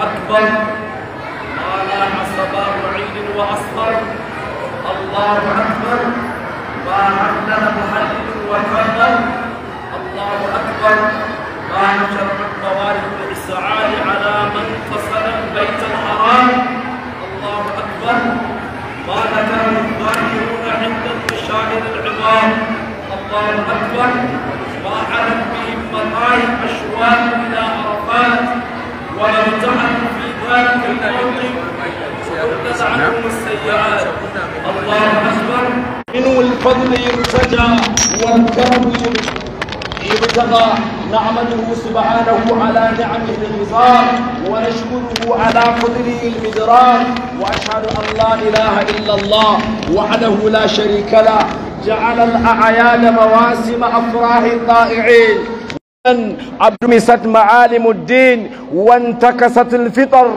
أكبر قال الصباح عيد وأصفر الله أكبر ما عدل محل وكبر الله أكبر ما نشر الطوارئ والإسعاد على من فصل البيت الحرام الله أكبر ما ذكر الظاهرون عند المشاهد العظام الله أكبر ما علت بهم مطايف أشواق إلى عرفات ومن امتحن في ذلك الموقف وردت عنهم السيئات الله اكبر منه الفضل يرتجى والكرم يبتغى نعمده سبحانه على نعمه النظام ونشكره على قدره المدران واشهد ان لا اله الا الله وحده لا شريك له جعل الاعياد مواسم افراح الطائعين عدمست معالم الدين وانتكست الفطر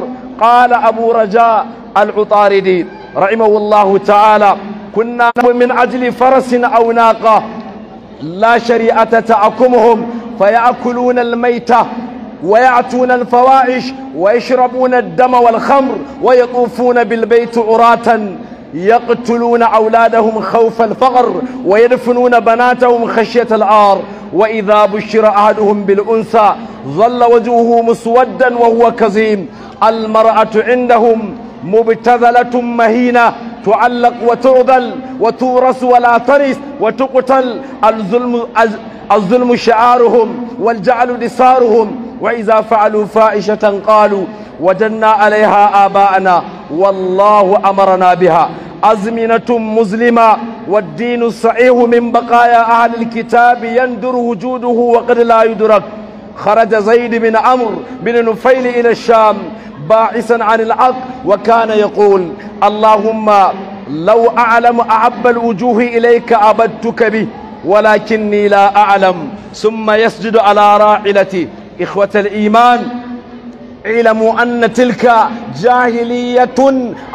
قال أبو رجاء العطاردي رحمه الله تعالى كنا من أجل فرس أو ناقة لا شريعة تأكمهم فيأكلون الميتة ويعتون الفواحش ويشربون الدم والخمر ويطوفون بالبيت عراة يقتلون أولادهم خوف الفقر ويدفنون بناتهم خشية العار وإذا بشر أحدهم بالأنثى ظل وجهه مسودا وهو كظيم المرأة عندهم مبتذلة مهينة تعلق وتعضل وتورث ولا ترث وتقتل الظلم الظلم شعارهم والجعل دسارهم وإذا فعلوا فائشة قالوا وجدنا عليها آباءنا والله أمرنا بها أزمنة مظلمة والدين الصحيح من بقايا أهل الكتاب يندر وجوده وقد لا يدرك خرج زيد بن عمرو بن نفيل إلى الشام باعثا عن العق وكان يقول اللهم لو أعلم أعب الوجوه إليك أبدتك به ولكني لا أعلم ثم يسجد على راحلته إخوة الإيمان اعلموا أن تلك جاهلية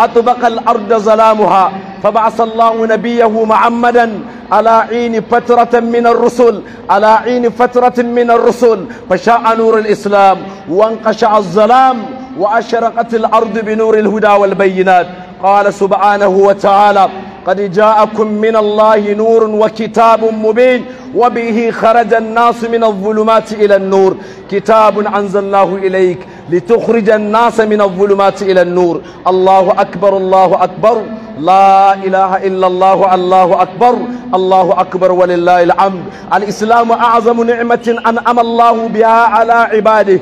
أطبق الأرض ظلامها فبعث الله نبيه محمدا على عين فترة من الرسل على عين فترة من الرسل فشاء نور الإسلام وانقشع الظلام وأشرقت الأرض بنور الهدى والبينات قال سبحانه وتعالى قد جاءكم من الله نور وكتاب مبين وبه خرج الناس من الظلمات إلى النور كتاب أنزل الله إليك لتخرج الناس من الظلمات إلى النور الله أكبر الله أكبر لا إله إلا الله الله أكبر الله أكبر ولله الحمد الإسلام أعظم نعمة أنعم الله بها على عباده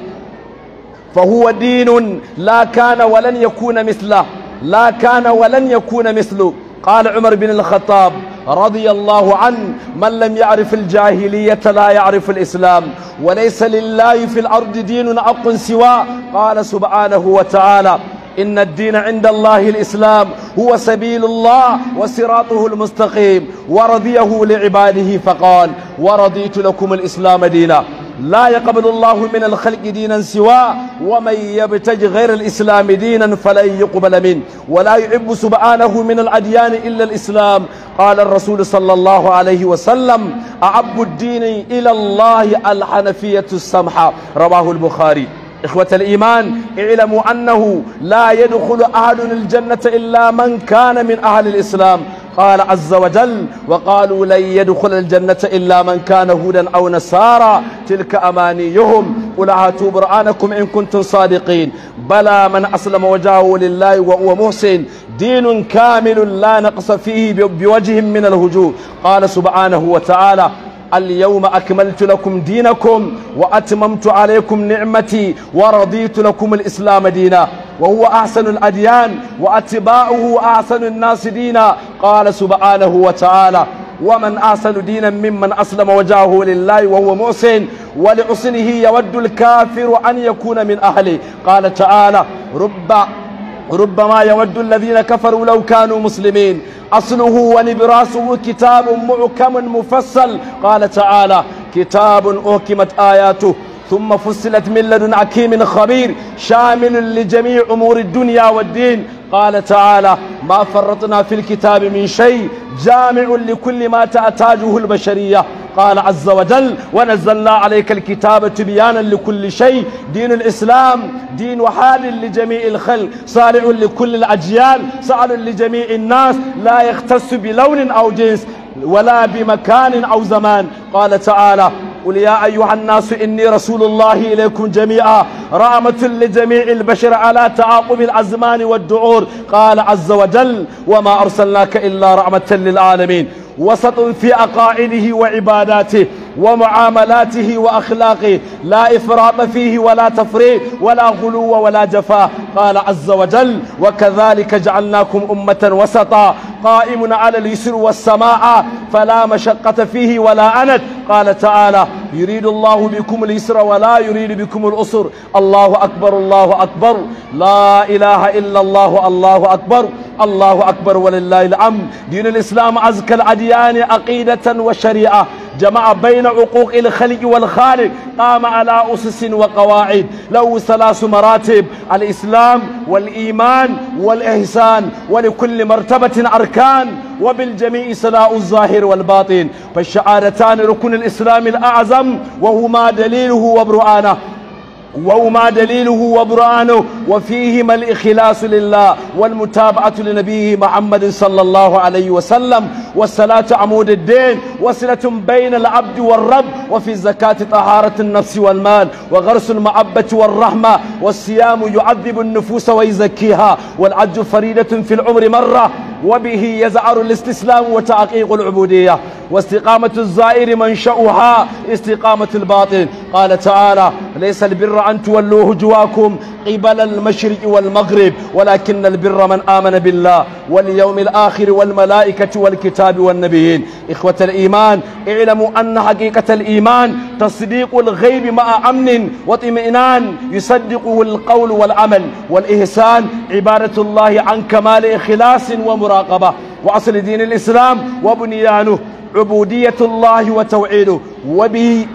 فهو دين لا كان ولن يكون مثله لا كان ولن يكون مثله قال عمر بن الخطاب رضي الله عنه من لم يعرف الجاهلية لا يعرف الإسلام وليس لله في الأرض دين أق سواه قال سبحانه وتعالى إن الدين عند الله الإسلام هو سبيل الله وصراطه المستقيم ورضيه لعباده فقال ورضيت لكم الإسلام دينا لا يقبل الله من الخلق دينا سواه ومن يبتج غير الإسلام دينا فلن يقبل منه ولا يعب سبحانه من الأديان إلا الإسلام قال الرسول صلى الله عليه وسلم أعب الدين إلى الله الحنفية السمحة رواه البخاري إخوة الإيمان اعلموا أنه لا يدخل أهل الجنة إلا من كان من أهل الإسلام قال عز وجل وقالوا لن يدخل الجنة إلا من كان هودا أو نصارى تلك أمانيهم قل هاتوا برآنكم إن كنتم صادقين بلى من أسلم وجهه لله وهو محسن دين كامل لا نقص فيه بوجه من الهجوم قال سبحانه وتعالى اليوم أكملت لكم دينكم وأتممت عليكم نعمتي ورضيت لكم الإسلام دينا وهو أحسن الأديان وأتباعه أحسن الناس دينا قال سبحانه وتعالى ومن أحسن دينا ممن أسلم وجهه لله وهو محسن ولحسنه يود الكافر أن يكون من أهله قال تعالى رب ربما يود الذين كفروا لو كانوا مسلمين أصله ونبراسه كتاب معكم مفصل قال تعالى كتاب أحكمت آياته ثم فصلت من لدن حكيم خبير شامل لجميع أمور الدنيا والدين قال تعالى ما فرطنا في الكتاب من شيء جامع لكل ما تحتاجه البشرية قال عز وجل ونزلنا عليك الكتاب تبيانا لكل شيء دين الإسلام دين وحال لجميع الخلق صالح لكل الأجيال سعل لجميع الناس لا يختص بلون أو جنس ولا بمكان أو زمان قال تعالى قل يا أيها الناس إني رسول الله إليكم جميعا رحمة لجميع البشر على تعاقب الأزمان والدعور قال عز وجل وما أرسلناك إلا رحمة للعالمين وسط في أقائله وعباداته ومعاملاته وأخلاقه لا إفراط فيه ولا تفريط ولا غلو ولا جفاء قال عز وجل وكذلك جعلناكم أمة وسطا قائم على اليسر والسماء فلا مشقة فيه ولا أنت قال تعالى يريد الله بكم اليسر ولا يريد بكم الأسر الله أكبر الله أكبر لا إله إلا الله الله أكبر الله أكبر ولله الأمر دين الإسلام أزكى الأديان عقيدة وشريعة جمع بين عقوق الخلق والخالق قام على أسس وقواعد له ثلاث مراتب الإسلام والإيمان والإحسان ولكل مرتبة أركان وبالجميع سلاء الظاهر والباطن فالشعارتان ركن الإسلام الأعظم وهما دليله وبرؤانه وما دليله وبرهانه وفيهما الإخلاص لله والمتابعة لنبيه محمد صلى الله عليه وسلم والصلاة عمود الدين وصلة بين العبد والرب وفي الزكاة طهارة النفس والمال وغرس المعبة والرحمة والصيام يعذب النفوس ويزكيها والعج فريدة في العمر مرة وبه يزعر الاستسلام وتحقيق العبودية واستقامة الزائر منشأها استقامة الباطن قال تعالى ليس البر أن تولوا هجواكم قبل المشرق والمغرب ولكن البر من آمن بالله واليوم الآخر والملائكة والكتاب والنبيين إخوة الإيمان اعلموا أن حقيقة الإيمان تصديق الغيب مع أمن واطمئنان يصدقه القول والعمل والإحسان عبارة الله عن كمال إخلاص ومراد المراقبة وأصل دين الإسلام وبنيانه عبودية الله وتوعيده وبه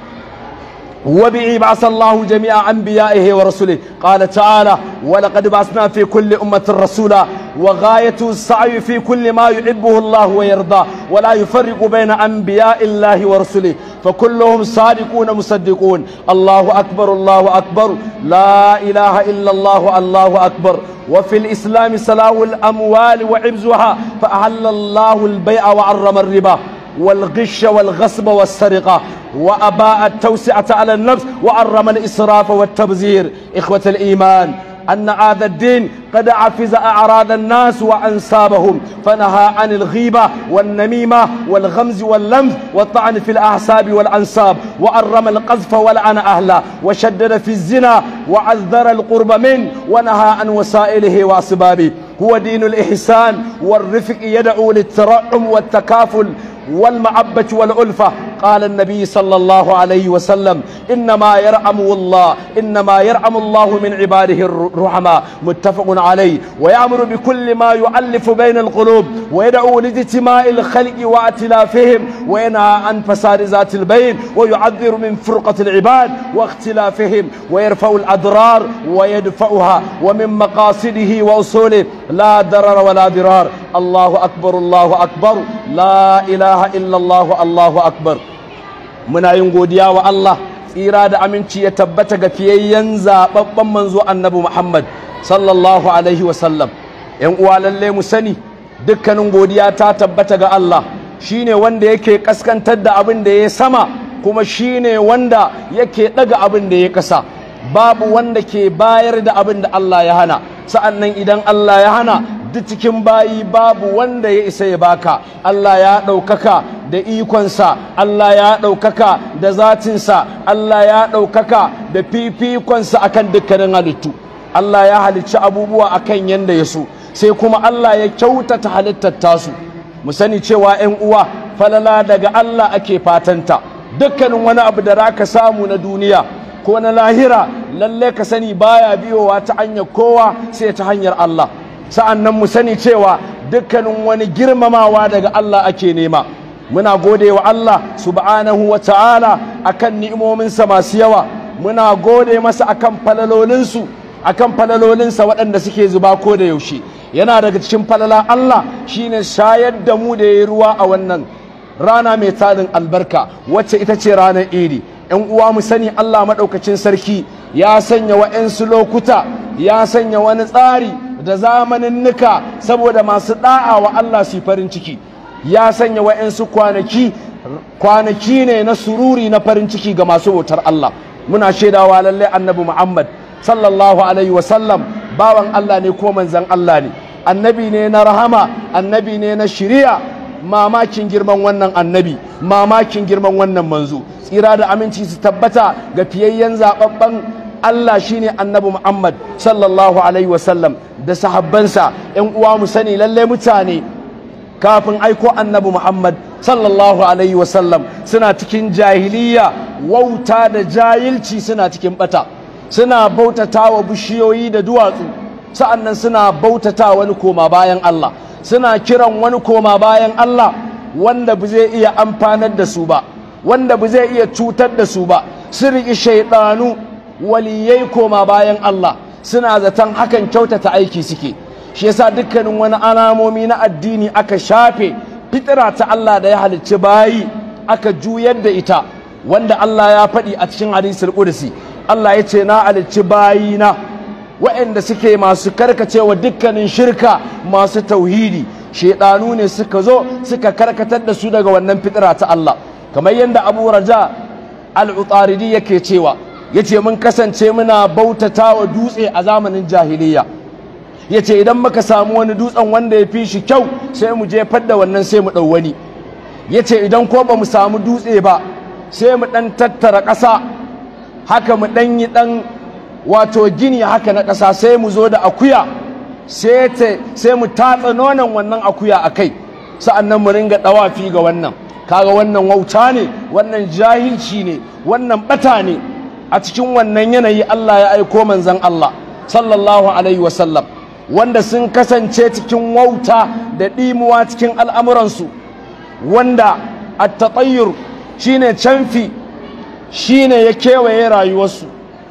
وبه بعث الله جميع أنبيائه ورسله قال تعالى ولقد بعثنا في كل أمة رسولا وغاية السعي في كل ما يحبه الله ويرضى ولا يفرق بين أنبياء الله ورسله فكلهم صادقون مصدقون الله أكبر الله أكبر لا إله إلا الله الله أكبر وفي الإسلام سلاو الأموال وعبزها فأهل الله البيع وعرم الربا والغش والغصب والسرقة وأباء التوسعة على النفس وعرم الإسراف والتبذير إخوة الإيمان أن هذا الدين قد عفز أعراض الناس وأنسابهم فنهى عن الغيبة والنميمة والغمز واللمز والطعن في الأعصاب والأنساب وأرم القذف ولعن أهله وشدد في الزنا وعذر القرب منه ونهى عن وسائله وأسبابه هو دين الإحسان والرفق يدعو للترحم والتكافل والمعبة والألفة قال النبي صلى الله عليه وسلم إنما يرعم الله إنما يرعم الله من عباده الرحماء متفق عليه ويأمر بكل ما يؤلف بين القلوب ويدعو لاجتماع الخلق وأتلافهم وينهى عن فساد ذات البين ويعذر من فرقة العباد واختلافهم ويرفع الأضرار ويدفعها ومن مقاصده وأصوله لا ضرر ولا ضرار الله أكبر الله أكبر لا إله إلا الله الله أكبر muna yin godiya wa Allah tsira da aminci ya tabbata ga fiyayyen zaɓaɓɓen manzo annabi Muhammad sallallahu alaihi wasallam ‘yan uwa lalle mu sani dukkanin godiya ta tabbata ga Allah shine wanda yake kaskantar da abin da ya sama kuma shine wanda yake ɗaga abin da ya kasa babu wanda ke bayar da abin da Allah ya hana sa'annan idan Allah ya hana duk cikin bayi babu wanda ya isa ya baka Allah ya ɗaukaka da ikonsa Allah ya ɗaukaka da zatinsa Allah ya ɗaukaka da fifikonsa akan dukkanin halittu Allah ya halicci abubuwa akan yanda ya so sai kuma Allah ya kyautata halittar tasu mu sani cewa 'yan uwa falala daga Allah ake fatanta dukkanin wani abu da raka samu na duniya ko na lahira lalle ka sani baya biyowa ta hanyar kowa sai ta hanyar Allah sa'annan mu sani cewa dukkanin wani girmamawa daga Allah ake nema muna gode wa Allah subhanahu wa ta'ala akan ni'imominsa masu yawa muna gode masa akan falalolinsu akan falalolinsa waɗanda suke zuba ko da yaushe yana daga cikin falala Allah shine shayar da mu da yayi ruwa a wannan rana mai tarin albarka wacce ita ce ranar idi yan uwa mu sani Allah maɗaukacin sarki ya sanya wa'yansu lokuta ya sanya wani tsari da zamanin zamaninnika saboda masu da'a wa Allah su farin ciki ya sanya wa'yansu kwanaki kwanaki ne na sururi na farin ciki ga masu bautar Allah muna shaidawa lallai annabi Muhammad sallallahu alaihi wasallam bawan Allah ne ko manzan Allah ne annabi ne na rahama annabi ne na shiriya mamakin girman wannan annabi mamakin girman wannan manzo tsira da aminci su tabbata ga fiyayyen zaɓaɓɓen Allah shine annabi Muhammad sallallahu alaihi wasallam da sahabbansa yan uwa mu sani lalle mutane kafin aiko annabi Muhammad sallallahu alaihi wasallam suna cikin jahiliya wauta da jahilci suna cikin bata suna bautatawa bishiyoyi da duwatsu sa'annan suna bautata wani koma bayan Allah suna kiran wani koma bayan Allah wanda ba zai iya amfanar da su ba wanda ba zai iya cutar da su ba su riƙi shaiɗanu waliyai koma bayan Allah suna zaton hakan kyautata aiki suke shi yasa dukkanin wani alamomi na addini aka shafe fitira ta Allah da ya halicci bayi aka juyar da ita wanda Allah ya faɗi a cikin hadisul qudsi Allah ya ce na halicci bayina waɗanda suke masu karkacewa dukkanin shirka masu tauhidi shedanu ne suka zo suka karkatar da su daga wannan fitira ta Allah kamar yadda Abu Raja al-Utaridi yake cewa yace mun kasance muna bautata wa dutse a zamanin jahiliya yace idan muka samu wani dutsen wanda ya fi shi kyau sai mu jefar da wannan sai mu ɗau wani yace idan ko ba mu samu dutse ba sai mu ɗan tattara ƙasa haka mu ɗan yi ɗan wato gini haka na ƙasa sai mu zo da akuya sai mu tatsa nonon wannan akuya a kai sa'annan mu ringa ɗawafi ga wannan kaga wannan wauta ne wannan jahilci ne wannan ɓata ne a cikin wannan yanayi Allah ya aiko manzan Allah sallallahu alaihi wasallam wanda sun kasance cikin wauta da ɗimuwa cikin al'amuransu wanda attatayyur shine canfi shine ya kewaye rayuwarsu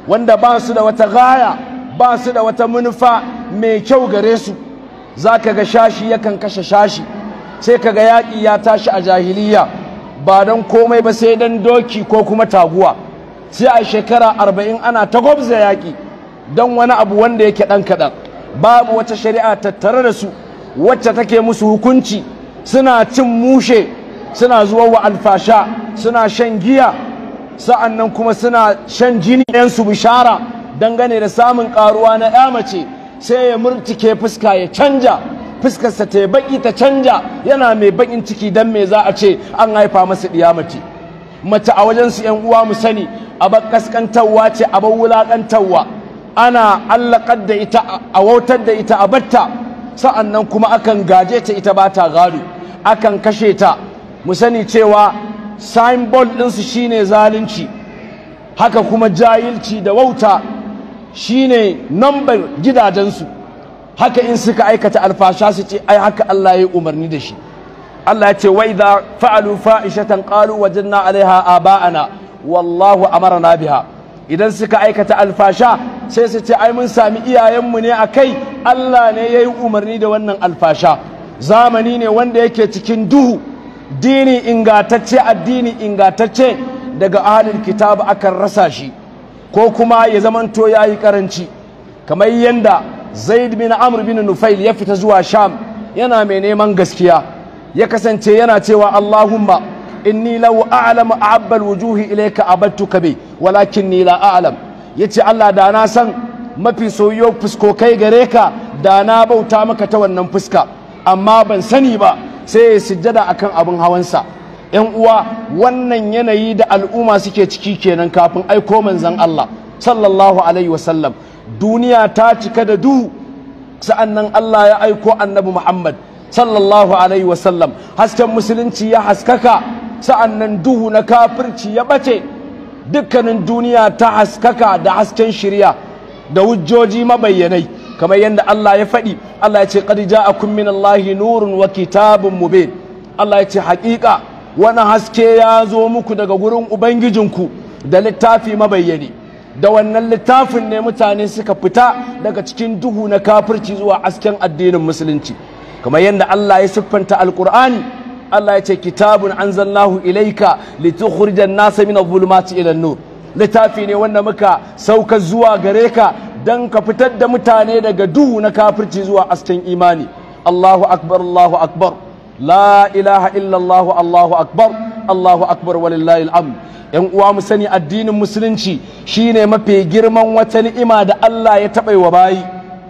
wanda ba su da wata gaya ba su da wata manufa mai kyau gare su za ka ga shashi yakan kashe shashi sai ka ga yaƙi ya tashi a jahiliya ba don komai ba sai don doki ko kuma taguwa sai a shekara arba'in ana ta gwabza yaƙi don wani abu wanda yake ɗan kaɗan babu wata shari'a tattare da su wacce take musu hukunci suna cin mushe suna zuwa wa alfasha suna shan giya sa'annan kuma suna shan jini yan su bishara dangane da samun ƙaruwa na ya mace sai ya murtike fuska ya canja fuskarsa ta baki ta canja yana mai baƙin ciki don me za a ce an haifa masa ɗiya mace a wajen su yan uwa mu sani abar kaskantarwa ce abar wulaƙantarwa ana allakar da ita a wautar da ita a batta sa'annan kuma akan gaje ta ita ba ta gado akan kashe ta mu sani cewa signboard ɗinsu shine zalunci haka kuma jahilci da wauta shine nambar gidajensu haka in suka aikata alfasha su ce ai haka Allah ya umarni da shi Allah ya ce wai idza fa'alu fa'ishatan qalu wajanna 'alaiha aba'ana wallahu amarna biha idan suka aikata alfasha sai su ce ai mun sami iyayenmu ne a kai Allah ne ya yi umarni da wannan alfasha zamani ne wanda yake cikin duhu dini ingatacce addini ingatacce daga ahalin kitab akan rasa shi ko kuma ya zamanto ya yi karanci kamar yadda zaid bin amr bin nufail ya fita zuwa sham yana mai neman gaskiya ya kasance yana cewa allahumma inni law a'lamu ahabbal wujuhi ilayka abattuka bi walakinni la a'lam yace Allah da na san mafi soyayyo kai gare ka da na bauta maka ta wannan fuska amma ban sani ba sai ya sujjada akan abin hawansa yan uwa wannan yanayi da al'umma suke ciki kenan kafin aiko manzon Allah sallallahu alaihi wasallam duniya ta cika da du sa'annan Allah ya aiko annabi Muhammad sallallahu alaihi wasallam hasken musulunci ya haskaka sa'annan duhu na kafirci ya ɓace dukkanin duniya ta haskaka da hasken shirya da hujjoji mabayyanai kamar yadda Allah ya faɗi Allah ya ce a a kummin Allahi nurun wa kitabun mube Allah ya ce haƙiƙa wani haske ya zo muku daga gurin ubangijinku da littafi mabayyani da wannan littafin ne mutane suka fita daga cikin duhu na kafirci zuwa hasken addinin musulunci kamar yadda Allah ya siffanta alkur'ani Allah ya ce kitabun anzallahu ilaika litukhrijan nasa min adh-dhulumati ila an-nur littafi ne wanda muka sauka zuwa gare ka dan ka fitar da mutane daga duhu na kafirci zuwa asken imani Allahu akbar Allahu akbar la ilaha illa Allahu akbar Allahu akbar walillahi amr yan uwa mu sani addinin musulunci shine mafi girman wata ni'ima da Allah ya taɓa wa bayi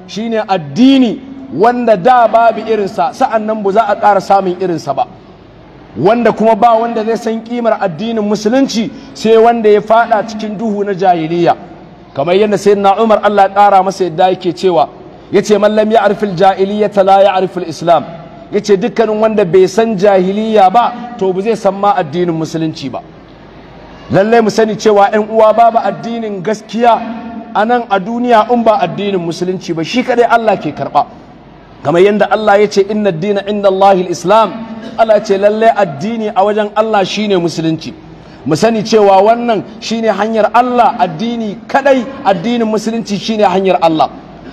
shine addini wanda da babu irinsa sa'an nan ba za a ƙara samun irinsa ba wanda kuma ba wanda zai san kimar addinin musulunci sai wanda ya fada cikin duhu na jahiliya kamar yadda sai na umar allah ƙara masa yadda yake cewa ya ce mallam ya arfil jahiliya la ya arfil islam ya ce dukkanin wanda bai san jahiliya ba to ba zai san ma addinin musulunci ba lallai mu sani cewa yan uwa babu addinin gaskiya a nan a duniya in ba addinin musulunci ba shi kadai allah ke karɓa kamar yadda Allah ya ce inna dina inda Allahil Islam Allah ce lalle addini a wajen Allah shine musulunci mu sani cewa wannan shine hanyar Allah addini kadai addinin musulunci shine hanyar Allah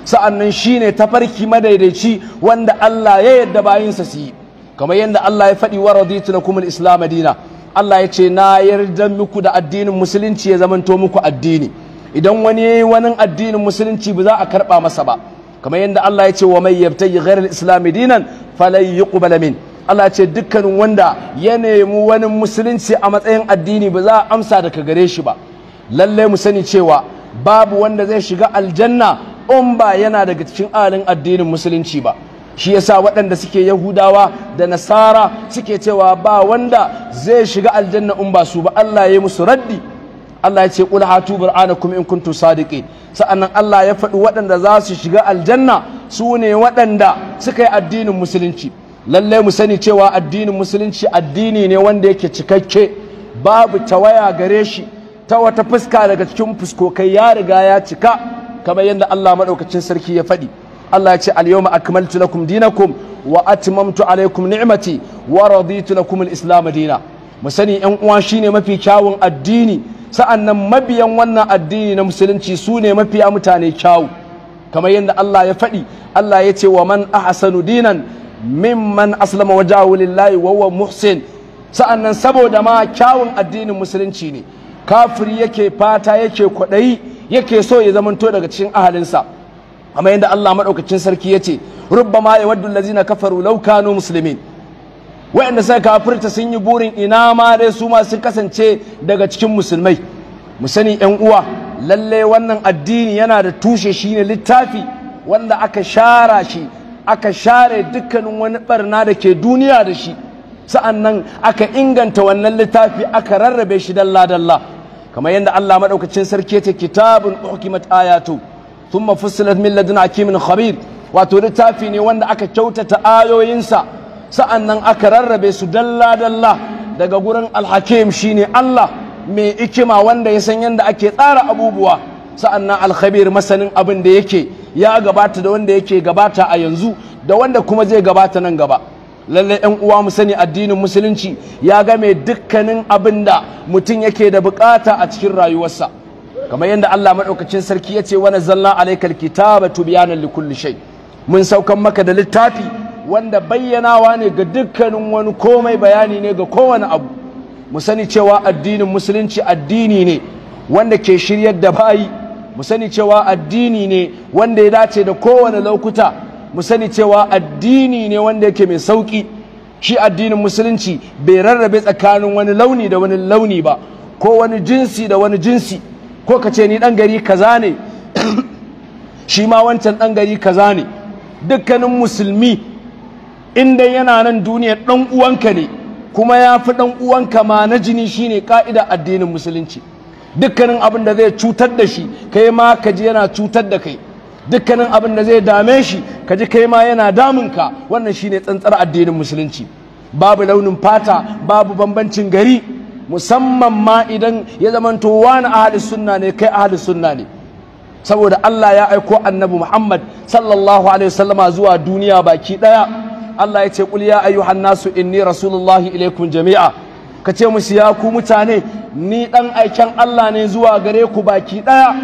sa'annan shine tafarki madaidaici wanda Allah ya yadda bayinsa su yi kamar yadda Allah ya faɗi wa raditu na al-islam dina Allah ya ce na yarda muku da addinin musulunci ya zamanto muku addini idan wani yi wani addinin musulunci ba za a karba masa ba Kama yadda Allah ya ce wa mai yabtaji ghairal islami dinan falai yi min Allah ce dukkanin wanda ya nemi wani musulunci a matsayin addini ba za a amsa daga gare shi ba Lallai mu sani cewa babu wanda zai shiga aljanna in ba yana daga cikin alin addinin musulunci ba shi yasa waɗanda suke yahudawa da nasara suke cewa ba wanda zai shiga aljanna in ba su ba Allah ya musu raddi Allah ya ce ƙula hatu kuma in kuntu sadiqin sa'annan Allah ya faɗi waɗanda za su shiga aljanna su ne waɗanda suka yi addinin musulunci Lallai mu sani cewa addinin musulunci addini ne wanda yake cikakke babu tawaya gare shi ta wata fuska daga cikin fuskokai ya riga ya cika kamar yadda Allah maɗaukacin sarki ya faɗi Allah ya ce al-yawma akmaltu lakum dinakum wa atmamtu alaykum ni'mati wa raditu lakum al-islam dina mu sani ƴan uwa shine mafi kyawun addini sa'annan mabiyan wannan addini na musulunci su ne mafiya mutane kyawu kamar yadda Allah ya faɗi Allah ya ce wa man ahsanu dinan mimman aslama wa lillahi wa wa muhsin sa'annan saboda ma kyawun addinin musulunci ne kafiri yake fata yake kwaɗayi yake so ya zamanto daga cikin ahalinsa kamar yadda Allah maɗaukacin sarki ya ce ma ya waddu lazina kafaru law kanu muslimin wayanda suka kafirta sun yi burin ina ma dai su ma sun kasance daga cikin musulmai mu sani yan uwa lalle wannan addini yana da tushe shine littafi wanda aka shara shi aka share dukkanin wani barna da ke duniya da shi sa'annan aka inganta wannan littafi aka rarrabe shi dalla dalla kamar yadda Allah madaukakin sarki ya ce kitabun uhkimat ayatu thumma fussilat min ladun hakimin khabir wato littafi ne wanda aka kyautata ayoyinsa sa'an aka rarrabe su dalla-dalla daga gurin alhakim shine Allah mai ikima wanda ya san yadda ake tsara abubuwa sa'an nan alkhabir masanin abin da yake ya gabata da wanda yake gabata a yanzu da wanda kuma zai gabata nan gaba lalle yan uwa mu sani addinin musulunci ya game dukkanin abin da mutum yake da bukata a cikin rayuwarsa kamar yadda Allah maɗaukacin sarki ya ce wani zalla alaikal kitaba tubiyanan likulli shay mun saukan maka da littafi wanda bayyanawa ne ga dukkanin wani komai bayani ne ga kowane abu mu sani cewa addinin musulunci addini ne wanda ke shiryar da bayi mu sani cewa addini ne wanda ya dace da kowane lokuta mu sani cewa addini ne wanda yake mai sauki shi addinin musulunci bai rarrabe tsakanin wani launi da wani launi ba ko wani jinsi da wani jinsi ko ka ce ni ɗan gari kaza ne shi ma wancan ɗan gari kaza ne dukkanin musulmi in dai yana nan duniya ɗan uwanka ne kuma ya fi ɗan uwanka ma na jini shi ne ƙa'ida addinin musulunci dukkanin abin da zai cutar da shi kai ma ka ji yana cutar da kai dukkanin abin da zai dame shi ka ji kai ma yana damunka wannan shi ne tsantsar addinin musulunci babu launin fata babu bambancin gari musamman ma idan ya zamanto wani ahalis sunna ne kai ahalis sunna ne saboda Allah ya aiko annabi Muhammad sallallahu alaihi wasallama zuwa duniya baki ɗaya. Allah ya ce qul ya ayyuhan nasu inni rasulullahi ilaikum jami'a ka ce musu ya ku mutane ni dan aiken Allah ne zuwa gare ku baki daya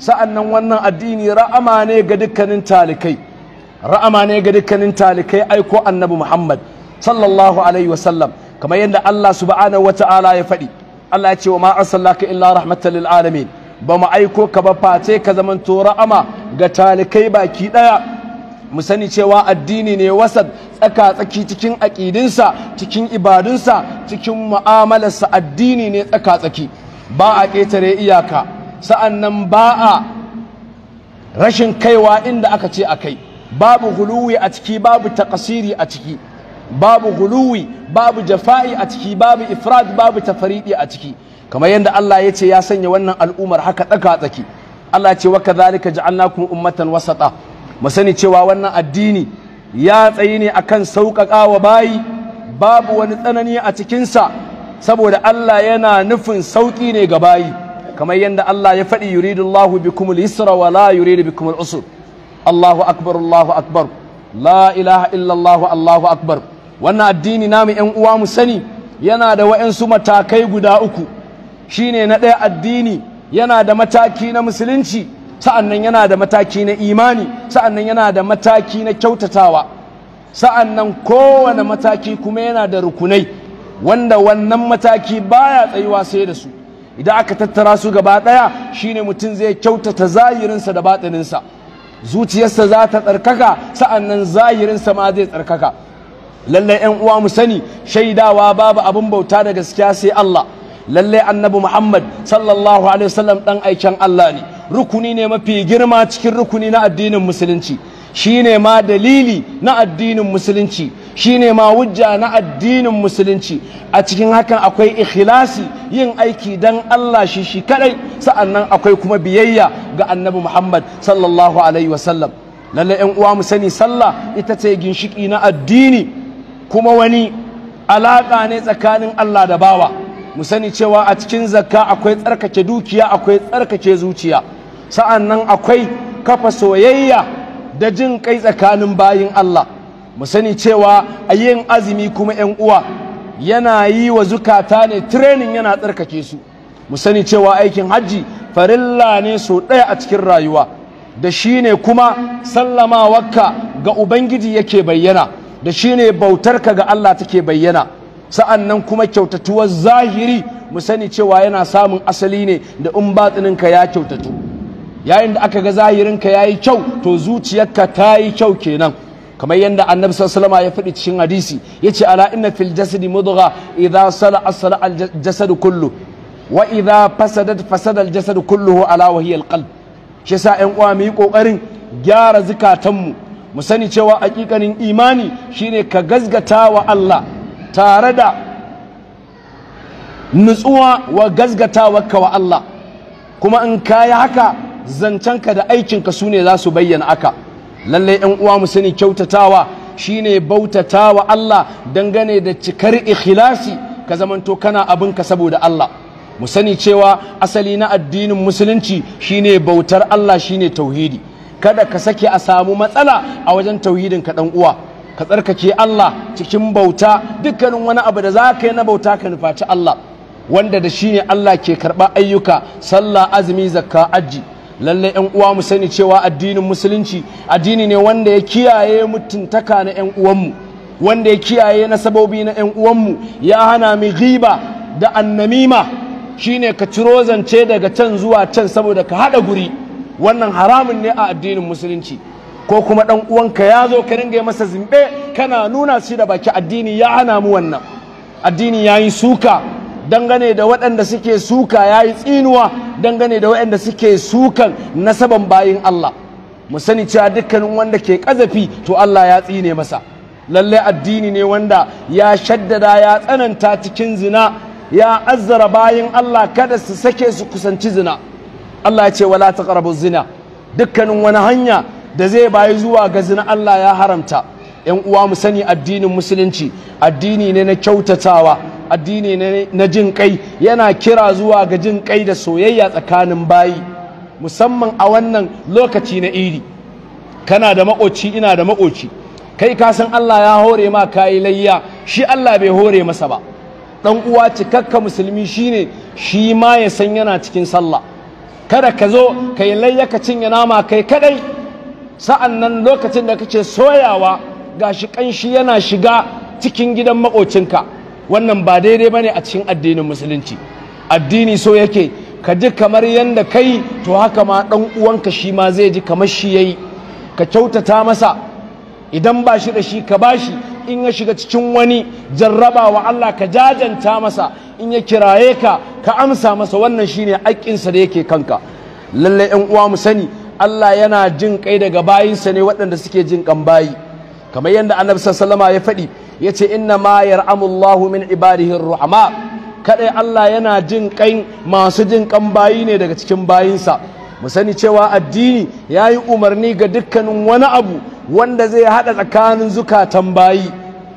sa'annan wannan addini ra'ama ne ga dukkanin talikai ra'ama ne ga dukkanin talikai aiko annabi Muhammad sallallahu alaihi wasallam kamar yadda Allah subhanahu wata'ala ya faɗi Allah ya ce wa ma arsalnaka illa rahmatan lil alamin ba mu aiko ka ba face ka zamanto ra'ama ga talikai baki daya mu sani cewa addini ne wasat tsaka tsaki cikin aƙidinsa cikin ibadunsa cikin mu'amalarsa addini ne tsaka tsaki ba a ƙetare iyaka sa'annan ba a rashin kaiwa inda aka ce a kai babu huluwi a ciki babu takasiri a ciki babu huluwi babu jafa'i a ciki babu ifrad babu tafariɗi a ciki kamar yadda Allah ya ce ya sanya wannan al'umar haka tsaka tsaki Allah ce wa kadhalika ja'alnakum ummatan wasata mu sani cewa wannan addini ya tsayi ne akan sauƙaƙa wa bayi babu wani tsanani a cikinsa saboda Allah yana nufin sauƙi ne ga bayi kamar yadda Allah ya faɗi yuridullahu bikumul yusra wa la yuridu bikumul usr Allahu akbar Allahu akbar la ilaha illallah Allahu akbar wannan addini namu ƴan uwa mu sani yana da waɗansu matakai guda uku shine na ɗaya addini yana da mataki na musulunci sa'annan yana da mataki na imani sa'annan yana da mataki na kyautatawa sa'annan kowane mataki kuma yana da rukunai wanda wannan mataki baya tsayuwa sai da su idan aka tattara su gaba ɗaya shine mutum zai kyautata zahirinsa da batininsa zuciyarsa za ta tsarkaka sa'annan zahirinsa ma zai tsarkaka lallai yan uwa mu sani shaidawa babu abin bauta da gaskiya sai Allah lallai annabi Muhammad sallallahu alaihi wasallam dan aikin Allah ne rukuni ne mafi girma cikin rukuni na addinin musulunci shine ma dalili na addinin musulunci shine ma wujja na addinin musulunci a cikin hakan akwai ikhlasi yin aiki dan Allah shi shi kadai sa'annan akwai kuma biyayya ga annabi Muhammad sallallahu alaihi wasallam lalle yan uwa mu sani sallah ita ce ginshiki na addini kuma wani alaka ne tsakanin Allah da bawa mu sani cewa a cikin zakka akwai tsarkake dukiya akwai tsarkake zuciya sa'an nan akwai kafa soyayya da jin kai tsakanin bayin Allah mu sani cewa a yin azumi kuma ‘yan uwa yana yi wa zukata ne tirenin yana tsarkake su mu sani cewa aikin hajji farilla ne so ɗaya a cikin rayuwa da shi ne kuma sallamawarka ga ubangiji yake bayyana da shi ne bautarka ga Allah take bayyana sa'an nan kuma kyautatuwar zahiri mu sani cewa yana samun asali ne da in batsininka ya kyautatu yayin da aka ga zahirinka ya yi kyau to zuciyarka ta yi kyau kenan kamar yadda annabi sallama ya faɗi cikin hadisi ya ce ala inna fil jasadi mudgha idza sala asala al jasad kullu wa idza fasadat fasada al jasad kullu ala wa hiya al qalb shi yasa ƴan uwa mu yi kokarin gyara zukatanmu mu sani cewa hakikanin imani shine ka gazgata wa Allah tare da nutsuwa wa gazgatawarka wa Allah kuma in kayi haka zancenka da aikinka su ne za su bayyana aka lallai yan uwa mu sani kyautatawa shi ne bautata wa Allah dangane da cikar ikhlasi ka zamanto kana abinka saboda Allah mu sani cewa asali na addinin musulunci shi ne bautar Allah shi ne tauhidi kada ka sake a samu matsala a wajen tauhidin ka ɗan uwa ka tsarkake Allah cikin bauta dukkanin wani abu da za ka yi na bauta ka nufaci Allah wanda da shi ne Allah ke karɓa ayyuka sallah azumi zakka aji lalle yan uwa mu sani cewa addinin musulunci addini ne wanda ya kiyaye mutuntaka na yan uwanmu wanda ya kiyaye nasabobi na yan uwanmu ya hana mu ghiba da annamima shine ka ciro zance daga can zuwa can saboda ka haɗa guri wannan haramun ne a addinin musulunci ko kuma dan uwanka ya zo ka ringa masa zimbe kana nuna shi da baki addini ya hana mu wannan addini yayi suka dangane da waɗanda suke suka yayi tsinuwa dangane da waɗanda suke sukan nasaban bayin Allah mu sani cewa dukkanin wanda ke kazafi to Allah ya tsine masa lalle addini ne wanda ya shaddada ya tsananta cikin zina ya azzara bayin Allah kada su sake su kusanci zina Allah ya ce wala taqrabu zina dukkanin wani hanya da zai bayi zuwa ga zina Allah ya haramta yan uwa mu sani addinin musulunci addini ne na kyautatawa addini ne na jin kai yana kira zuwa ga jin kai da soyayya tsakanin bayi musamman a wannan lokaci na iri kana da makoci ina da makoci kai ka san Allah ya hore ma kayi layya shi Allah bai hore masa ba dan uwa cikakka musulmi shine shi ma ya san yana cikin sallah kada ka zo ka yi layya ka cinye nama kai kadai sa'an nan lokacin da kake soyawa ga shi kanshi yana shiga cikin gidan makocinka wannan ba daidai ba ne a cikin addinin musulunci addini so yake ka ji kamar yadda kai to haka ma ɗan uwanka shi ma zai ji kamar shi yayi ka kyautata masa idan ba shi da shi ka bashi in ya shiga cikin wani jarraba wa Allah ka jajanta masa in ya kiraye ka ka amsa masa wannan shine haƙƙinsa da yake kanka lallai 'yan uwa mu sani Allah yana jin kai daga bayinsa ne waɗanda suke jin kan bayi kamar yadda annabi sallama ya faɗi ya ce inna ma yar'amullahu min ibadihi ruhama kadai Allah yana jin kai masu jin kan bayi ne daga cikin bayinsa mu sani cewa addini ya yi umarni ga dukkanin wani abu wanda zai haɗa tsakanin zukatan bayi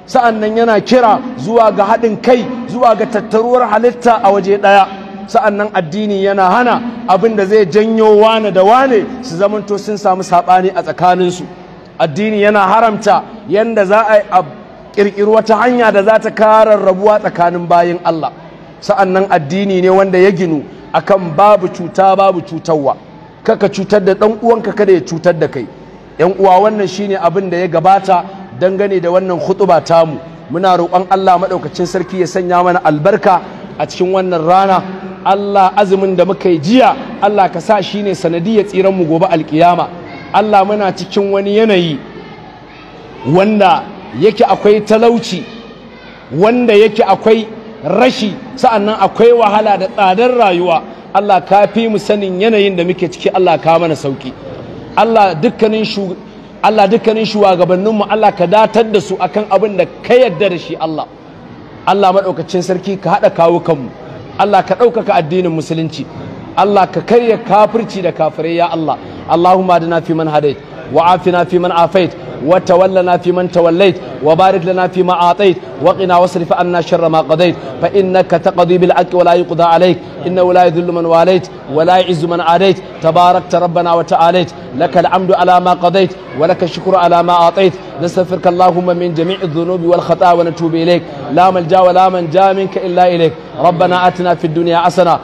sa'an nan yana kira zuwa ga haɗin kai zuwa ga tattaruwar halitta a waje ɗaya sa'annan addini yana hana abin da zai janyo wane da wane su zamanto sun samu saɓani a tsakaninsu addini yana haramta yadda za a ƙirƙiri wata hanya da za ta karar rabuwa tsakanin bayan Allah sa'annan addini ne wanda ya ginu akan babu cuta babu cutarwa kaka cutar da ɗan uwanka kada ya cutar da kai yan uwa wannan shine abin da ya gabata dangane da wannan hutuba tamu muna roƙon Allah maɗaukacin sarki ya sanya mana albarka a cikin wannan rana Allah azumin da muka yi jiya Allah ka sa shi ne sanadiyar mu gobe alkiyama Allah muna cikin wani yanayi wanda yake akwai talauci wanda yake akwai rashi sa'annan akwai wahala da tsadar rayuwa Allah ka fi mu sanin yanayin da muke ciki Allah ka mana sauki Allah dukkanin shu Allah dukkanin shugabanninmu Allah ka datar da su akan abin da ka yarda da shi Allah Allah maɗaukacin sarki ka haɗa kawo kanmu Allah ka ɗaukaka addinin musulunci Allah ka karya kafirci da kafirai ya Allah Allahumma adina fi man hadait wa afina fi man afait وتولنا في من توليت وبارك لنا فيما أعطيت وقنا واصرف عنا شر ما قضيت فإنك تقضي بالعدل ولا يقضى عليك إنه لا يذل من واليت ولا يعز من عاديت تباركت ربنا وتعاليت لك الحمد على ما قضيت ولك الشكر على ما أعطيت نستغفرك اللهم من جميع الذنوب والخطايا ونتوب إليك لا ملجا ولا منجا منك إلا إليك ربنا آتنا في الدنيا حسنة